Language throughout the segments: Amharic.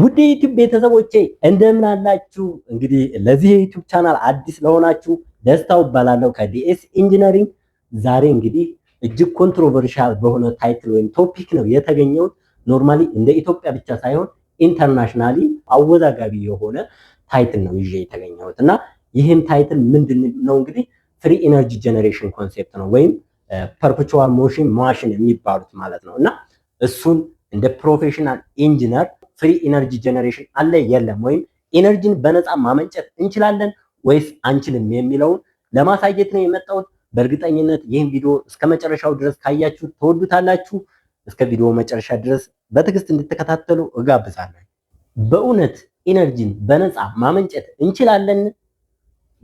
ውድ የዩቲዩብ ቤተሰቦቼ እንደምን አላችሁ? እንግዲህ ለዚህ የዩቲዩብ ቻናል አዲስ ለሆናችሁ ደስታው እባላለሁ ከዲኤስ ኢንጂነሪንግ። ዛሬ እንግዲህ እጅግ ኮንትሮቨርሻል በሆነ ታይትል ወይም ቶፒክ ነው የተገኘውን ኖርማሊ እንደ ኢትዮጵያ ብቻ ሳይሆን ኢንተርናሽናሊ አወዛጋቢ የሆነ ታይትል ነው ይዤ የተገኘሁት እና ይህም ታይትል ምንድን ነው እንግዲህ ፍሪ ኢነርጂ ጀኔሬሽን ኮንሴፕት ነው ወይም ፐርፔቹዋል ሞሽን ማሽን የሚባሉት ማለት ነው እና እሱን እንደ ፕሮፌሽናል ኢንጂነር ፍሪ ኢነርጂ ጀነሬሽን አለ የለም፣ ወይም ኢነርጂን በነፃ ማመንጨት እንችላለን ወይስ አንችልም የሚለውን ለማሳየት ነው የመጣሁት። በእርግጠኝነት ይህን ቪዲዮ እስከ መጨረሻው ድረስ ካያችሁ ተወዱታላችሁ። እስከ ቪዲዮ መጨረሻ ድረስ በትዕግስት እንድትከታተሉ እጋብዛለን። በእውነት ኢነርጂን በነፃ ማመንጨት እንችላለን?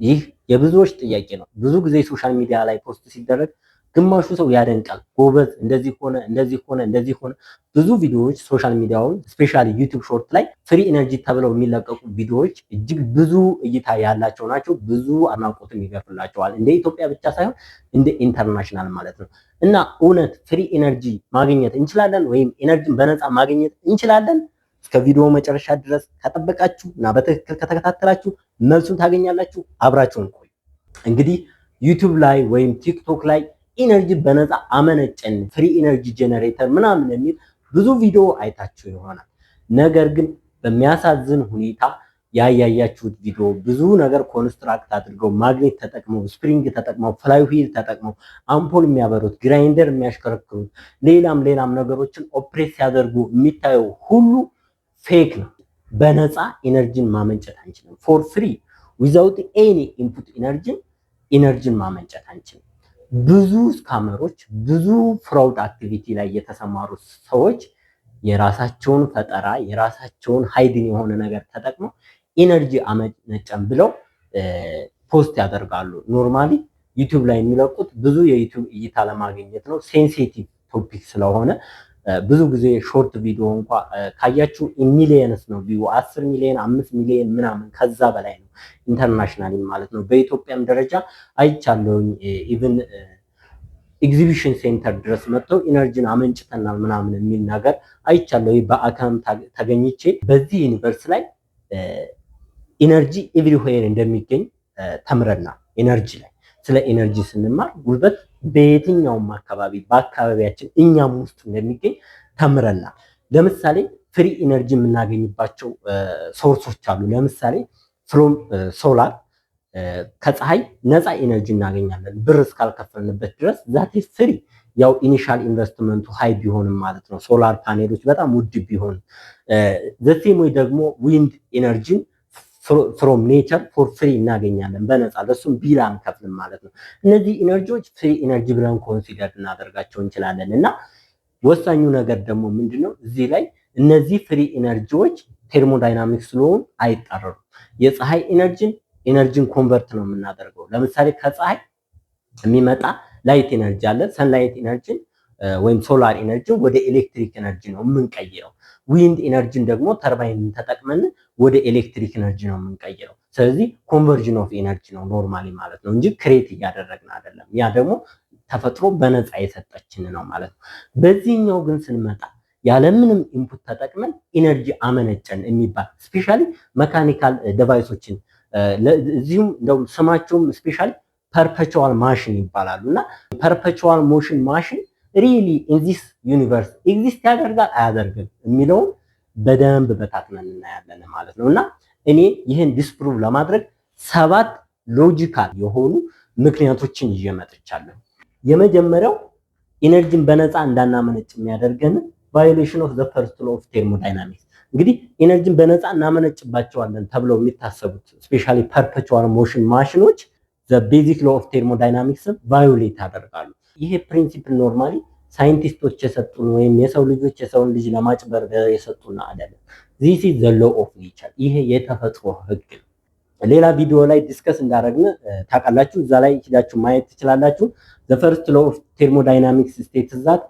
ይህ የብዙዎች ጥያቄ ነው። ብዙ ጊዜ ሶሻል ሚዲያ ላይ ፖስት ሲደረግ ግማሹ ሰው ያደንቃል። ጎበዝ እንደዚህ ሆነ እንደዚህ ሆነ እንደዚህ ሆነ። ብዙ ቪዲዮዎች ሶሻል ሚዲያውን ስፔሻሊ ዩቱብ ሾርት ላይ ፍሪ ኤነርጂ ተብለው የሚለቀቁ ቪዲዮዎች እጅግ ብዙ እይታ ያላቸው ናቸው። ብዙ አድናቆትም ይገፍላቸዋል። እንደ ኢትዮጵያ ብቻ ሳይሆን እንደ ኢንተርናሽናል ማለት ነው። እና እውነት ፍሪ ኤነርጂ ማግኘት እንችላለን ወይም ኤነርጂን በነፃ ማግኘት እንችላለን? እስከ ቪዲዮ መጨረሻ ድረስ ከጠበቃችሁ እና በትክክል ከተከታተላችሁ መልሱን ታገኛላችሁ። አብራችሁን ቆዩ። እንግዲህ ዩቲዩብ ላይ ወይም ቲክቶክ ላይ ኢነርጂ በነፃ አመነጨን ፍሪ ኢነርጂ ጀነሬተር ምናምን የሚል ብዙ ቪዲዮ አይታችሁ ይሆናል። ነገር ግን በሚያሳዝን ሁኔታ ያያያችሁት ቪዲዮ ብዙ ነገር ኮንስትራክት አድርገው ማግኔት ተጠቅመው ስፕሪንግ ተጠቅመው ፍላይ ዊል ተጠቅመው አምፖል የሚያበሩት ግራይንደር የሚያሽከረክሩት ሌላም ሌላም ነገሮችን ኦፕሬት ሲያደርጉ የሚታየው ሁሉ ፌክ ነው። በነፃ ኢነርጂን ማመንጨት አንችልም። ፎር ፍሪ ዊዛውት ኤኒ ኢንፑት ኢነርጂን ኢነርጂን ማመንጨት አንችልም። ብዙ ስካመሮች ብዙ ፍራውድ አክቲቪቲ ላይ የተሰማሩ ሰዎች የራሳቸውን ፈጠራ የራሳቸውን ሃይድን የሆነ ነገር ተጠቅመው ኢነርጂ አመነጨም ብለው ፖስት ያደርጋሉ። ኖርማሊ ዩቱብ ላይ የሚለቁት ብዙ የዩቱብ እይታ ለማግኘት ነው። ሴንሲቲቭ ቶፒክ ስለሆነ ብዙ ጊዜ ሾርት ቪዲዮ እንኳ ካያችሁ ሚሊየንስ ነው ቪው አስር ሚሊየን አምስት ሚሊየን ምናምን ከዛ በላይ ነው ኢንተርናሽናል ማለት ነው። በኢትዮጵያም ደረጃ አይቻለውኝ ኢቭን ኤግዚቢሽን ሴንተር ድረስ መጥተው ኢነርጂን አመንጭተናል ምናምን የሚል ነገር አይቻለው በአካም ተገኝቼ በዚህ ዩኒቨርስ ላይ ኢነርጂ ኤቭሪዌር እንደሚገኝ ተምረና ኤነርጂ ላይ ስለ ኤነርጂ ስንማር ጉልበት በየትኛውም አካባቢ በአካባቢያችን እኛም ውስጥ እንደሚገኝ ተምረና ለምሳሌ ፍሪ ኢነርጂ የምናገኝባቸው ሶርሶች አሉ። ለምሳሌ ሶላር ከፀሐይ ነፃ ኢነርጂ እናገኛለን ብር እስካልከፈልንበት ድረስ ዛቴ ፍሪ። ያው ኢኒሻል ኢንቨስትመንቱ ሀይ ቢሆንም ማለት ነው። ሶላር ፓኔሎች በጣም ውድ ቢሆን ዘሴም ወይ ደግሞ ዊንድ ኢነርጂን ፍሮም ኔቸር ፎር ፍሪ እናገኛለን በነፃ ለሱም ቢል አንከፍልም ማለት ነው። እነዚህ ኢነርጂዎች ፍሪ ኢነርጂ ብለን ኮንሲደር እናደርጋቸው እንችላለን እና ወሳኙ ነገር ደግሞ ምንድነው እዚህ ላይ እነዚህ ፍሪ ኢነርጂዎች ቴርሞዳይናሚክስ ስለሆኑ አይጣረሩም። የፀሐይ ኢነርጂን ኢነርጂን ኮንቨርት ነው የምናደርገው። ለምሳሌ ከፀሐይ የሚመጣ ላይት ኢነርጂ አለ። ሰንላይት ኢነርጂን ወይም ሶላር ኢነርጂን ወደ ኤሌክትሪክ ኢነርጂ ነው የምንቀይረው። ዊንድ ኢነርጂን ደግሞ ተርባይን ተጠቅመን ወደ ኤሌክትሪክ ኢነርጂ ነው የምንቀይረው። ስለዚህ ኮንቨርዥን ኦፍ ኢነርጂ ነው ኖርማሊ ማለት ነው እንጂ ክሬት እያደረግን አይደለም። ያ ደግሞ ተፈጥሮ በነፃ የሰጠችን ነው ማለት ነው። በዚህኛው ግን ስንመጣ ያለምንም ኢንፑት ተጠቅመን ኢነርጂ አመነጨን የሚባል ስፔሻሊ መካኒካል ዲቫይሶችን እዚሁም እንደውም ስማቸውም ስፔሻሊ ፐርፐቹዋል ማሽን ይባላሉ እና ፐርፐቹዋል ሞሽን ማሽን ሪሊ ኢንዚስ ዩኒቨርስ ኤግዚስት ያደርጋል አያደርግም የሚለውን በደንብ በታትመን እናያለን ማለት ነው። እና እኔ ይህን ዲስፕሩቭ ለማድረግ ሰባት ሎጂካል የሆኑ ምክንያቶችን ይዤ መጥቻለሁ። የመጀመሪያው ኢነርጂን በነፃ እንዳናመነጭ የሚያደርገንን ቫዮሌሽን ኦፍ ዘ ፈርስት ሎ ኦፍ ቴርሞዳይናሚክስ እንግዲህ ኢነርጂን በነፃ እናመነጭባቸዋለን ተብለው የሚታሰቡት ስፔሻሊ ፐርፔቹዋል ሞሽን ማሽኖች ዘ ቤዚክ ሎ ኦፍ ቴርሞዳይናሚክስን ቫዮሌት ያደርጋሉ። ይሄ ፕሪንሲፕል ኖርማሊ ሳይንቲስቶች የሰጡን ወይም የሰው ልጆች የሰውን ልጅ ለማጭበርበር የሰጡን አይደለም። ዚስ ዘ ሎ ኦፍ ኔቸር። ይሄ የተፈጥሮ ህግ ነው። ሌላ ቪዲዮ ላይ ዲስከስ እንዳደረግን ታውቃላችሁ። እዛ ላይ ሂዳችሁ ማየት ትችላላችሁ። ዘ ፈርስት ሎ ኦፍ ቴርሞዳይናሚክስ ስቴትስ ዛት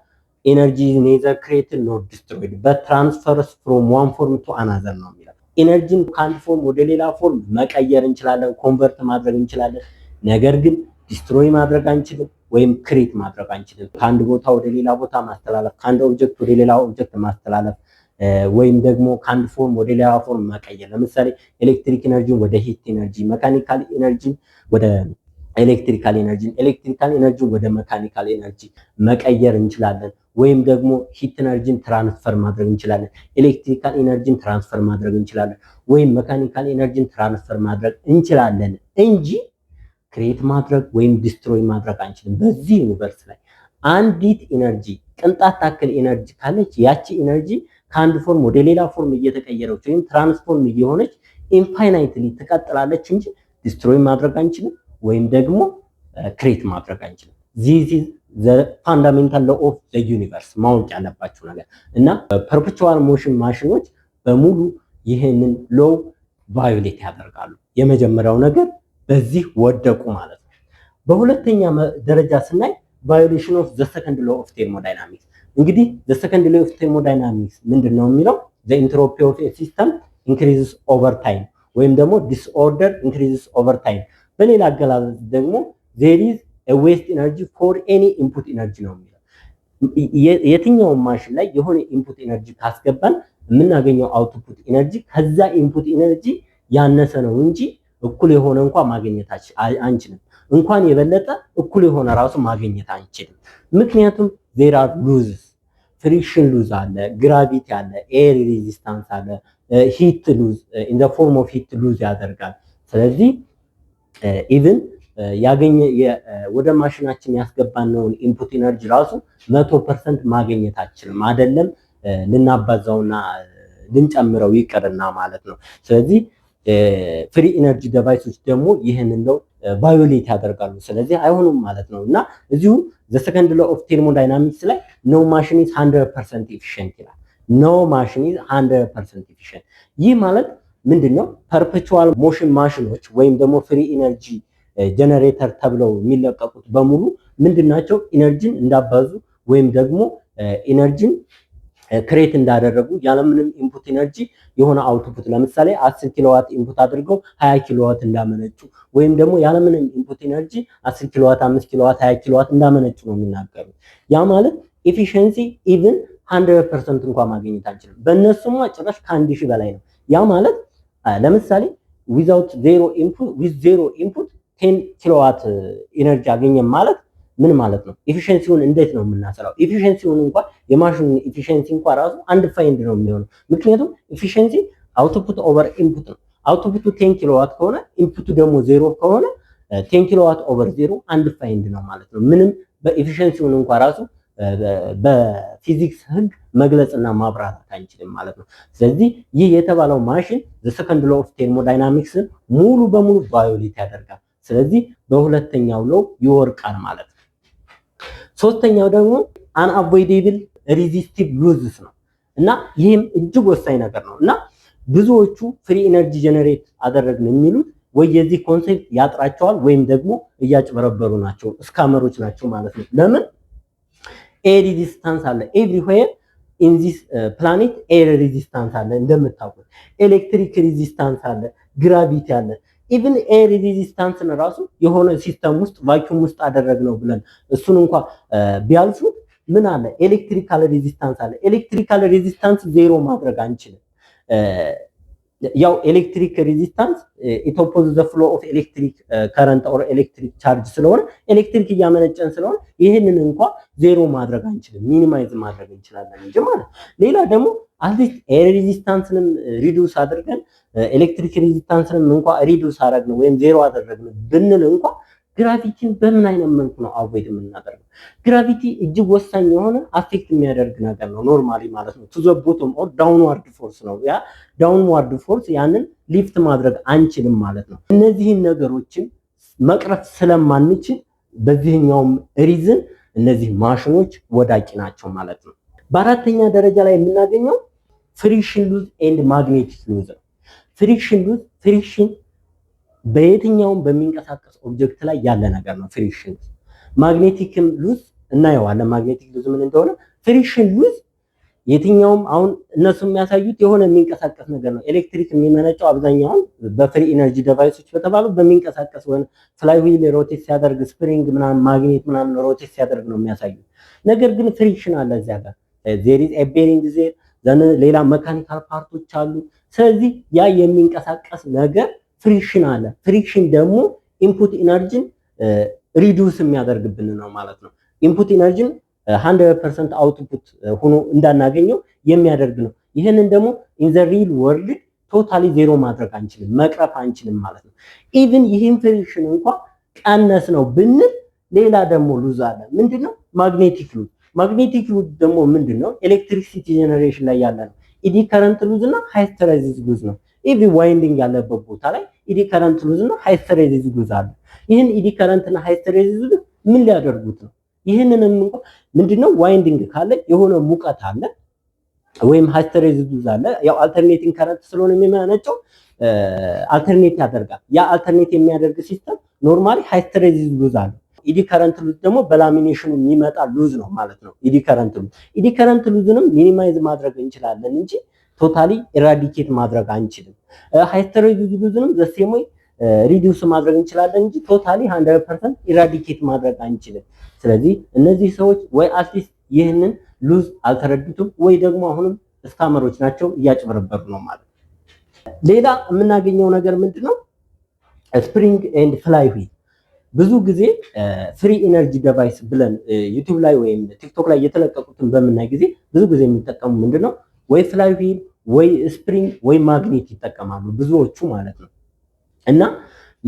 ኤነርጂ ኔዘር ክሬትድ ኖር ዲስትሮይድ በትራንስፈርስ ፍሮም ዋን ፎርም ቱ አናዘር ነው የሚለው። ኤነርጂን ከአንድ ፎርም ወደ ሌላ ፎርም መቀየር እንችላለን፣ ኮንቨርት ማድረግ እንችላለን። ነገር ግን ዲስትሮይ ማድረግ አንችልም ወይም ክሬት ማድረግ አንችልም። ከአንድ ቦታ ወደ ሌላ ቦታ ማስተላለፍ፣ ከአንድ ኦብጀክት ወደ ሌላ ኦብጀክት ማስተላለፍ ወይም ደግሞ ከአንድ ፎርም ወደ ሌላ ፎርም መቀየር፣ ለምሳሌ ኤሌክትሪክ ኤነርጂን ወደ ሂት ኤነርጂ፣ መካኒካል ኤነርጂን ወደ ኤሌክትሪካል ኤነርጂን ኤሌክትሪካል ኤነርጂን ወደ መካኒካል ኤነርጂ መቀየር እንችላለን። ወይም ደግሞ ሂት ኤነርጂን ትራንስፈር ማድረግ እንችላለን። ኤሌክትሪካል ኤነርጂን ትራንስፈር ማድረግ እንችላለን። ወይም መካኒካል ኤነርጂን ትራንስፈር ማድረግ እንችላለን እንጂ ክሬት ማድረግ ወይም ዲስትሮይ ማድረግ አንችልም። በዚህ ዩኒቨርስ ላይ አንዲት ኤነርጂ ቅንጣት ታክል ኤነርጂ ካለች ያቺ ኤነርጂ ከአንድ ፎርም ወደ ሌላ ፎርም እየተቀየረች ወይም ትራንስፎርም እየሆነች ኢንፋይናይትሊ ትቀጥላለች እንጂ ዲስትሮይ ማድረግ አንችልም። ወይም ደግሞ ክሬት ማድረግ አንችልም። ዚዚ ፋንዳሜንታል ሎ ኦፍ ዩኒቨርስ ማወቅ ያለባችሁ ነገር እና ፐርፔቹዋል ሞሽን ማሽኖች በሙሉ ይህንን ሎው ቫዮሌት ያደርጋሉ። የመጀመሪያው ነገር በዚህ ወደቁ ማለት ነው። በሁለተኛ ደረጃ ስናይ ቫዮሌሽን ኦፍ ዘ ሰከንድ ሎ ኦፍ ቴርሞዳይናሚክስ። እንግዲህ ዘ ሰከንድ ሎ ኦፍ ቴርሞዳይናሚክስ ምንድን ነው የሚለው ዘ ኢንትሮፒ ኦፍ ሲስተም ኢንክሪዝስ ኦቨር ታይም ወይም ደግሞ ዲስኦርደር ኢንክሪዝስ ኦቨር ታይም በሌላ አገላለጽ ደግሞ ዜር ኢዝ ዌስት ኢነርጂ ፎር ኤኒ ኢንፑት ኢነርጂ ነው የሚለው። የትኛውን ማሽን ላይ የሆነ ኢንፑት ኢነርጂ ካስገባን የምናገኘው አውትፑት ኢነርጂ ከዛ ኢንፑት ኢነርጂ ያነሰ ነው እንጂ እኩል የሆነ እንኳን ማግኘት አንችልም። እንኳን የበለጠ እኩል የሆነ ራሱ ማግኘት አንችልም። ምክንያቱም ዜር አር ፍሪክሽን ሉዝ አለ፣ ግራቪቲ አለ፣ ኤር ሬዚስታንስ አለ፣ ሂት ሉዝ ኢን ፎርም ኦፍ ሂት ሉዝ ያደርጋል። ስለዚህ ኢቭን uh, uh, ያገኘ uh, ወደ ማሽናችን ያስገባነውን ኢንፑት ኢነርጂ ራሱ መቶ ፐርሰንት ማግኘት አችልም አይደለም ልናባዛውና ልንጨምረው ይቅርና ማለት ነው። ስለዚህ ፍሪ ኢነርጂ ዲቫይሶች ደግሞ ይህንን እንደው ቫዮሌት ያደርጋሉ። ስለዚህ አይሆኑም ማለት ነው እና እዚሁ ዘሰከንድ ሎ ኦፍ ቴርሞዳይናሚክስ ላይ ኖ ማሽን ኢዝ 100 ፐርሰንት ኢፊሽንት ይላል። ኖ ማሽን ኢዝ 100 ፐርሰንት ኢፊሽንት ይህ ማለት ምንድን ነው ፐርፔቹዋል ሞሽን ማሽኖች ወይም ደግሞ ፍሪ ኢነርጂ ጀነሬተር ተብለው የሚለቀቁት በሙሉ ምንድናቸው? ኢነርጂን እንዳባዙ ወይም ደግሞ ኢነርጂን eh, ክሬት eh, እንዳደረጉ ያለምንም ኢንፑት ኢነርጂ የሆነ አውትፑት ለምሳሌ አስር ኪሎዋት ኢንፑት አድርገው ሀያ ኪሎዋት እንዳመነጩ ወይም ደግሞ ያለምንም ኢንፑት ኢነርጂ አስር ኪሎዋት፣ 5 ኪሎዋት፣ ሀያ ኪሎዋት እንዳመነጩ ነው የሚናገሩት። ያ ማለት ኤፊሽንሲ ኢቭን ፐርሰንት እንኳን ማግኘት አንችልም። በእነሱማ ጭራሽ ከአንድ ሺህ በላይ ነው። ያ ማለት ለምሳሌ ዊዛውት ዜሮ ኢንፑት ዊዝ ዜሮ ኢንፑት ቴን ኪሎዋት ኢነርጂ አገኘን ማለት ምን ማለት ነው? ኤፊሽንሲውን እንዴት ነው የምናሰራው? ኤፊሽንሲውን እንኳን የማሽኑን ኤፊሽንሲ እንኳ ራሱ አንድ ፋይንድ ነው የሚሆነው። ምክንያቱም ኤፊሽንሲ አውትፑት ኦቨር ኢንፑት ነው። አውትፑቱ ቴን ኪሎዋት ከሆነ ኢንፑቱ ደግሞ ዜሮ ከሆነ ቴን ኪሎዋት ኦቨር ዜሮ አንድ ፋይንድ ነው ማለት ነው። ምንም በኤፊሽንሲውን እንኳ ራሱ በፊዚክስ ህግ መግለጽና ማብራራት አንችልም ማለት ነው። ስለዚህ ይህ የተባለው ማሽን ሰከንድ ሎ ኦፍ ቴርሞዳይናሚክስን ሙሉ በሙሉ ቫዮሌት ያደርጋል። ስለዚህ በሁለተኛው ሎው ይወርቃል ማለት ነው። ሶስተኛው ደግሞ አንአቮይዴብል ሪዚስቲቭ ሉዝስ ነው እና ይህም እጅግ ወሳኝ ነገር ነው እና ብዙዎቹ ፍሪ ኤነርጂ ጀነሬት አደረግን የሚሉት ወይ የዚህ ኮንሴፕት ያጥራቸዋል ወይም ደግሞ እያጭበረበሩ ናቸው፣ እስካመሮች ናቸው ማለት ነው። ለምን ኤሪ ሪዚስታንስ አለ። ኤቭሪዌር ኢን ዚስ ፕላኔት ኤር ሪዚስታንስ አለ። እንደምታውቁት ኤሌክትሪክ ሪዚስታንስ አለ፣ ግራቪቲ አለ። ኢቭን ኤር ሪዚስታንስን ራሱ የሆነ ሲስተም ውስጥ ቫኪዩም ውስጥ አደረግነው ብለን እሱን እንኳ ቢያልፉ ምን አለ ኤሌክትሪካል ሪዚስታንስ አለ። ኤሌክትሪካል ሪዚስታንስ ዜሮ ማድረግ አንችልም። ያው ኤሌክትሪክ ሬዚስታንስ ኢት ኦፖዝ ዘ ፍሎ ኦፍ ኤሌክትሪክ ከረንት ኦር ኤሌክትሪክ ቻርጅ ስለሆነ ኤሌክትሪክ እያመነጨን ስለሆነ ይህንን እንኳ ዜሮ ማድረግ አንችልም፣ ሚኒማይዝ ማድረግ እንችላለን እንጂ ማለት ሌላ ደግሞ አትሊስት ሬዚስታንስንም ሪዱስ አድርገን ኤሌክትሪክ ሬዚስታንስንም እንኳ ሪዱስ አደረግን ወይም ዜሮ አደረግን ብንል እንኳ ግራቪቲን በምን አይነት መልኩ ነው አቮይድ የምናደርገው? ግራቪቲ እጅግ ወሳኝ የሆነ አፌክት የሚያደርግ ነገር ነው፣ ኖርማሊ ማለት ነው። ቱዘ ቦቶም ኦር ዳውንዋርድ ፎርስ ነው። ያ ዳውንዋርድ ፎርስ ያንን ሊፍት ማድረግ አንችልም ማለት ነው። እነዚህን ነገሮችን መቅረፍ ስለማንችል በዚህኛውም ሪዝን እነዚህ ማሽኖች ወዳቂ ናቸው ማለት ነው። በአራተኛ ደረጃ ላይ የምናገኘው ፍሪክሽን ሉዝ ኤንድ ማግኔቲክ ሉዝ ነው። ፍሪክሽን ሉዝ ፍሪክሽን በየትኛውም በሚንቀሳቀስ ኦብጀክት ላይ ያለ ነገር ነው ፍሪክሽን። ማግኔቲክም ሉዝ እናየዋለን። ማግኔቲክ ሉዝ ምን እንደሆነ ፍሪክሽን ሉዝ የትኛውም አሁን እነሱ የሚያሳዩት የሆነ የሚንቀሳቀስ ነገር ነው። ኤሌክትሪክ የሚመነጨው አብዛኛውን በፍሪ ኢነርጂ ዲቫይሶች በተባሉ በሚንቀሳቀስ ወይ ፍላይ ዊል ሮቴት ሲያደርግ ስፕሪንግ ምናምን ማግኔት ምናምን ሮቴት ሲያደርግ ነው የሚያሳዩት። ነገር ግን ፍሪክሽን አለ እዚያ ጋር ዜር ኢዝ ቤሪንግ ዜር፣ ሌላ መካኒካል ፓርቶች አሉ። ስለዚህ ያ የሚንቀሳቀስ ነገር ፍሪክሽን አለ። ፍሪክሽን ደግሞ ኢንፑት ኢነርጂን ሪዱስ የሚያደርግብን ነው ማለት ነው። ኢንፑት ኢነርጂን 100% አውትፑት ሆኖ እንዳናገኘው የሚያደርግ ነው። ይህንን ደግሞ ኢን ዘ ሪል ወርልድ ቶታሊ ዜሮ ማድረግ አንችልም፣ መቅረፍ አንችልም ማለት ነው። ኢቭን ይህን ፍሪክሽን እንኳ ቀነስ ነው ብንል ሌላ ደግሞ ሉዝ አለ። ምንድነው? ማግኔቲክ ሉዝ። ማግኔቲክ ሉዝ ደግሞ ምንድነው? ኤሌክትሪክሲቲ ጀነሬሽን ላይ ያለ ነው። ኢዲ ከረንት ሉዝ እና ሉዝ ነው። ኢቭሪ ዋይንዲንግ ያለበት ቦታ ላይ ኢዲ ከረንት ሉዝ እና ሃይስት ሉዝ አለ። ይህን ኢዲ ከረንት እና ሃይስተሬዚስ ሉዝ ምን ሊያደርጉት ነው? ይህንንም እንኳን ምንድነው ዋይንዲንግ ካለ የሆነ ሙቀት አለ ወይም ሃይስተሬዚስ ሉዝ አለ። ያው አልተርኔቲንግ ከረንት ስለሆነ የሚመነጨው አልተርኔት ያደርጋል። ያ አልተርኔት የሚያደርግ ሲስተም ኖርማሊ ሃይስተሬዚስ ሉዝ አለ። ኢዲ ከረንት ሉዝ ደግሞ በላሚኔሽኑ የሚመጣ ሉዝ ነው ማለት ነው። ኢዲ ከረንት ሉዝ ኢዲ ከረንት ሉዝንም ሚኒማይዝ ማድረግ እንችላለን እንጂ ቶታሊ ኢራዲኬት ማድረግ አንችልም። ሃይተሮጊዝምንም ዘሴም ወይ ሪዲዩስ ማድረግ እንችላለን እንጂ ቶታሊ 100% ኢራዲኬት ማድረግ አንችልም። ስለዚህ እነዚህ ሰዎች ወይ አትሊስት ይህንን ሉዝ አልተረዱትም ወይ ደግሞ አሁንም ስካመሮች ናቸው፣ እያጭበረበሩ ነው ማለት። ሌላ የምናገኘው ነገር ምንድነው? ስፕሪንግ ኤንድ ፍላይ ዊል ብዙ ጊዜ ፍሪ ኢነርጂ ዲቫይስ ብለን ዩቱብ ላይ ወይም ቲክቶክ ላይ የተለቀቁትን በምናይ ጊዜ ብዙ ጊዜ የሚጠቀሙ ምንድነው ወይ ፍላይዊል ወይ ስፕሪንግ ወይ ማግኔት ይጠቀማሉ ብዙዎቹ ማለት ነው። እና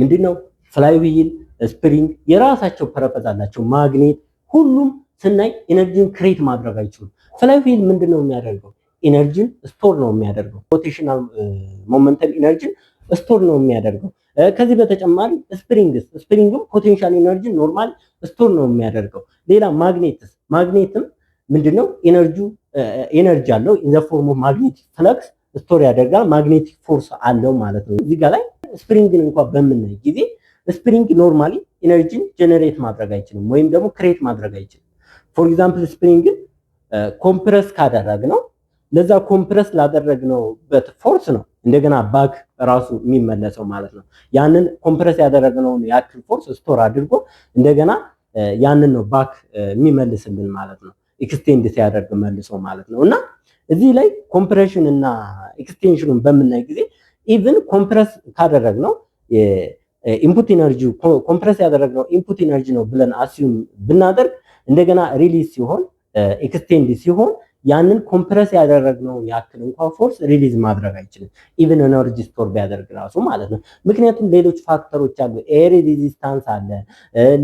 ምንድነው ፍላይዊል ስፕሪንግ የራሳቸው ፐረፐዝ አላቸው። ማግኔት ሁሉም ስናይ ኤነርጂን ክሬት ማድረግ አይችሉም። ፍላይዊል ምንድነው የሚያደርገው? ኢነርጂን ስቶር ነው የሚያደርገው። ሮቴሽናል ሞመንተም ኢነርጂን ስቶር ነው የሚያደርገው። ከዚህ በተጨማሪ ስፕሪንግስ ስፕሪንግም ፖቴንሻል ኢነርጂ ኖርማል ስቶር ነው የሚያደርገው። ሌላ ማግኔትስ ማግኔትም ምንድነው ኢነርጂ ኤነርጂ አለው ኢን ዘ ፎርም ኦፍ ማግኔቲክ ፍለክስ ስቶር ያደርጋል። ማግኔቲክ ፎርስ አለው ማለት ነው። እዚህ ጋር ላይ ስፕሪንግን እንኳ በምናይ ጊዜ ስፕሪንግ ኖርማሊ ኤነርጂን ጀነሬት ማድረግ አይችልም፣ ወይም ደግሞ ክሬት ማድረግ አይችልም። ፎር ኤግዛምፕል ስፕሪንግን ኮምፕረስ ካደረግ ነው ለዛ ኮምፕረስ ላደረግነውበት ፎርስ ነው እንደገና ባክ ራሱ የሚመለሰው ማለት ነው። ያንን ኮምፕረስ ያደረግነውን ያክል ፎርስ ስቶር አድርጎ እንደገና ያንን ነው ባክ የሚመልስልን ማለት ነው። ኤክስቴንድ ሲያደርግ መልሶ ማለት ነው እና እዚህ ላይ ኮምፕሬሽን እና ኤክስቴንሽኑን በምናይ ጊዜ ኢቭን ኮምፕረስ ካደረግ ነው ኢንፑት ኢነርጂ ኮምፕረስ ነው ኢንፑት ኢነርጂ ነው ብለን አሲዩም ብናደርግ እንደገና ሪሊዝ ሲሆን ኤክስቴንድ ሲሆን ያንን ኮምፕረስ ያደረግነውን ያክል እንኳን ፎርስ ሪሊዝ ማድረግ አይችልም። ኢቨን ኤነርጂ ስቶር ቢያደርግ ራሱ ማለት ነው። ምክንያቱም ሌሎች ፋክተሮች አሉ። ኤር ሬዚስታንስ አለ፣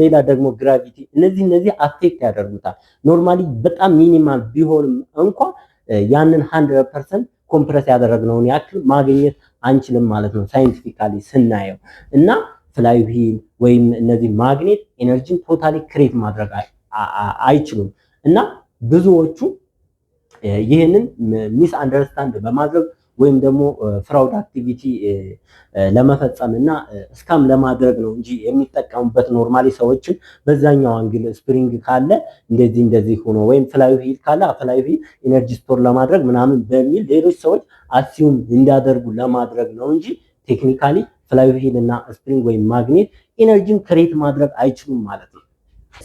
ሌላ ደግሞ ግራቪቲ። እነዚህ እነዚህ አፌክት ያደርጉታል። ኖርማሊ በጣም ሚኒማል ቢሆንም እንኳ ያንን ሀንድረድ ፐርሰንት ኮምፕረስ ያደረግነውን ያክል ማግኘት አንችልም ማለት ነው ሳይንቲፊካሊ ስናየው እና ፍላይ ዊል ወይም እነዚህ ማግኔት ኤነርጂን ቶታሊ ክሬት ማድረግ አይችሉም እና ብዙዎቹ ይህንን ሚስ አንደርስታንድ በማድረግ ወይም ደግሞ ፍራውድ አክቲቪቲ ለመፈጸም እና እስካም ለማድረግ ነው እንጂ የሚጠቀሙበት ኖርማሊ ሰዎችን በዛኛው አንግል ስፕሪንግ ካለ እንደዚህ እንደዚህ ሆኖ ወይም ፍላይ ሂል ካለ ፍላይ ሂል ኢነርጂ ስቶር ለማድረግ ምናምን በሚል ሌሎች ሰዎች አሲዩም እንዲያደርጉ ለማድረግ ነው እንጂ ቴክኒካሊ ፍላይ ሂል እና ስፕሪንግ ወይም ማግኔት ኢነርጂን ክሬት ማድረግ አይችሉም ማለት ነው።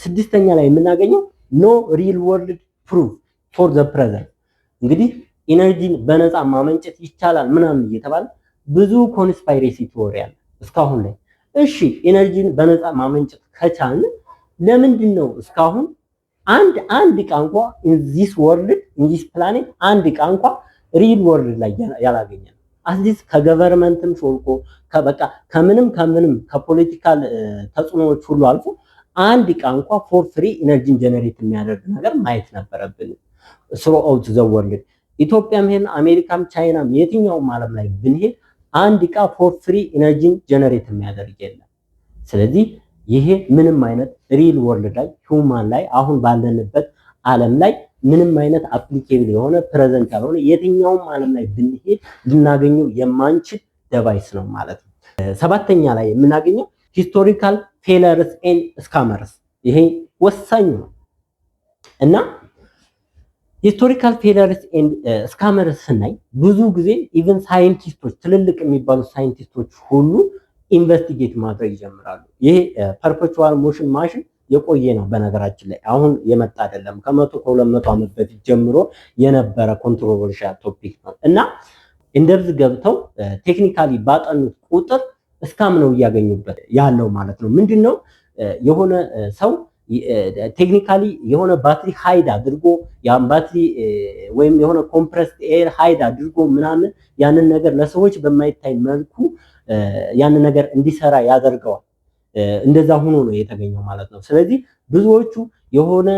ስድስተኛ ላይ የምናገኘው ኖ ሪል ወርልድ ፕሩፍ ፎር ዘ ፕሬዘንት እንግዲህ ኢነርጂን በነፃ ማመንጨት ይቻላል ምናምን እየተባለ ብዙ ኮንስፓይሬሲ ቲዎሪ አለ እስካሁን ላይ። እሺ ኢነርጂን በነፃ ማመንጨት ከቻልን ለምንድን ነው እስካሁን አንድ አንድ ዕቃ እንኳ ኢንዚስ ወርልድ ኢንዚስ ፕላኔት አንድ ዕቃ እንኳ ሪል ወርልድ ላይ ያላገኘ አትሊስት ከገቨርመንትም ሾልኮ ከበቃ ከምንም ከምንም ከፖለቲካል ተጽዕኖዎች ሁሉ አልፎ አንድ ዕቃ እንኳ ፎር ፍሪ ኢነርጂን ጀነሬት የሚያደርግ ነገር ማየት ነበረብን። ስሮ አውት ዘ ኢትዮጵያም ይሄን አሜሪካም ቻይናም የትኛውም ዓለም ላይ ብንሄድ አንድ እቃ ፎር ፍሪ ኢነርጂን ጀነሬት የሚያደርግ የለም። ስለዚህ ይሄ ምንም አይነት ሪል ወርልድ ላይ ሁማን ላይ አሁን ባለንበት ዓለም ላይ ምንም አይነት አፕሊኬብል የሆነ ፕሬዘንት ያልሆነ የትኛውም ዓለም ላይ ብንሄድ ልናገኘው የማንችል ደቫይስ ነው ማለት ነው። ሰባተኛ ላይ የምናገኘው ሂስቶሪካል ፌለርስ ኤንድ ስካመርስ ይሄ ወሳኝ ነው እና ሂስቶሪካል ፌለርስ ስካመርስ ስናይ ብዙ ጊዜ ኢቨን ሳይንቲስቶች ትልልቅ የሚባሉ ሳይንቲስቶች ሁሉ ኢንቨስቲጌት ማድረግ ይጀምራሉ። ይሄ ፐርፐቹዋል ሞሽን ማሽን የቆየ ነው በነገራችን ላይ አሁን የመጣ አይደለም። ከመቶ ከሁለት መቶ ዓመት በፊት ጀምሮ የነበረ ኮንትሮቨርሻል ቶፒክ ነው እና እንደብዝ ገብተው ቴክኒካሊ uh, ባጠኑት ቁጥር እስካም ነው እያገኙበት ያለው ማለት ነው። ምንድን ነው uh, የሆነ uh, ሰው ቴክኒካሊ የሆነ ባትሪ ሃይድ አድርጎ ያን ባትሪ ወይም የሆነ ኮምፕረስ ኤር ሃይድ አድርጎ ምናምን ያንን ነገር ለሰዎች በማይታይ መልኩ ያንን ነገር እንዲሰራ ያደርገዋል። እንደዛ ሆኖ ነው የተገኘው ማለት ነው። ስለዚህ ብዙዎቹ የሆነ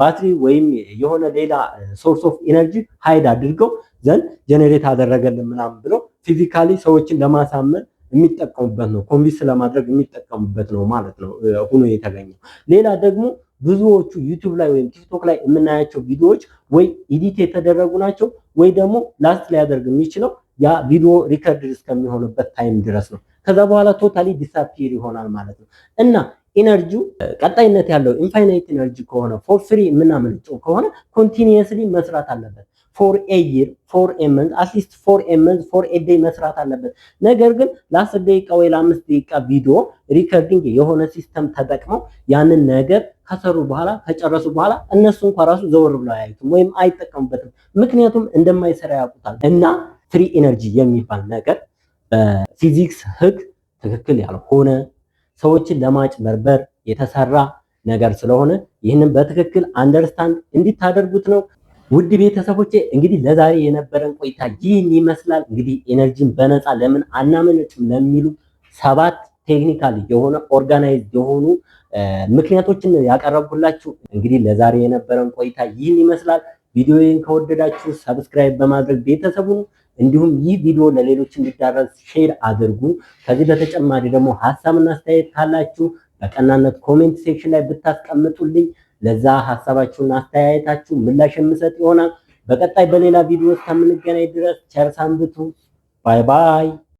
ባትሪ ወይም የሆነ ሌላ ሶርስ ኦፍ ኢነርጂ ሃይድ አድርገው ዘንድ ጀኔሬት አደረገልን ምናምን ብለው ፊዚካሊ ሰዎችን ለማሳመን የሚጠቀሙበት ነው። ኮንቪንስ ለማድረግ የሚጠቀሙበት ነው ማለት ነው ሆኖ የተገኘው። ሌላ ደግሞ ብዙዎቹ ዩቲዩብ ላይ ወይም ቲክቶክ ላይ የምናያቸው ቪዲዮዎች ወይ ኢዲት የተደረጉ ናቸው ወይ ደግሞ ላስት ሊያደርግ የሚችለው ያ ቪዲዮ ሪከርድ እስከሚሆንበት ታይም ድረስ ነው። ከዛ በኋላ ቶታሊ ዲሳፒር ይሆናል ማለት ነው እና ኢነርጂው ቀጣይነት ያለው ኢንፋይናይት ኢነርጂ ከሆነ ፎር ፍሪ የምናመልጨው ከሆነ ኮንቲኒየስሊ መስራት አለበት። ፎር ኤ ይር ፎር ኤ መንዝ አትሊስት ፎር ኤ መንዝ ፎር ኤ ዴይ መስራት አለበት። ነገር ግን ለአስር ደቂቃ ወይ ለአምስት ደቂቃ ቪዲዮ ሪከርዲንግ የሆነ ሲስተም ተጠቅመው ያንን ነገር ከሰሩ በኋላ ከጨረሱ በኋላ እነሱ እንኳ ራሱ ዘወር ብለው አያዩትም ወይም አይጠቀሙበትም። ምክንያቱም እንደማይሰራ ያውቁታል። እና ፍሪ ኤነርጂ የሚባል ነገር በፊዚክስ ህግ ትክክል ያልሆነ ሰዎችን ለማጭበርበር የተሰራ ነገር ስለሆነ ይህንን በትክክል አንደርስታንድ እንዲታደርጉት ነው። ውድ ቤተሰቦቼ እንግዲህ ለዛሬ የነበረን ቆይታ ይህን ይመስላል። እንግዲህ ኤነርጂን በነፃ ለምን አናመነጭም ለሚሉ ሰባት ቴክኒካል የሆነ ኦርጋናይዝ የሆኑ ምክንያቶችን ያቀረብኩላችሁ። እንግዲህ ለዛሬ የነበረን ቆይታ ይህን ይመስላል። ቪዲዮን ከወደዳችሁ ሰብስክራይብ በማድረግ ቤተሰቡን እንዲሁም ይህ ቪዲዮ ለሌሎች እንዲዳረስ ሼር አድርጉ። ከዚህ በተጨማሪ ደግሞ ሀሳብና አስተያየት ካላችሁ በቀናነት ኮሜንት ሴክሽን ላይ ብታስቀምጡልኝ ለዛ ሀሳባችሁና አስተያየታችሁ ምላሽ የምሰጥ ይሆናል። በቀጣይ በሌላ ቪዲዮ እስከምንገናኝ ድረስ ቸር ሰንብቱ። ባይ ባይ።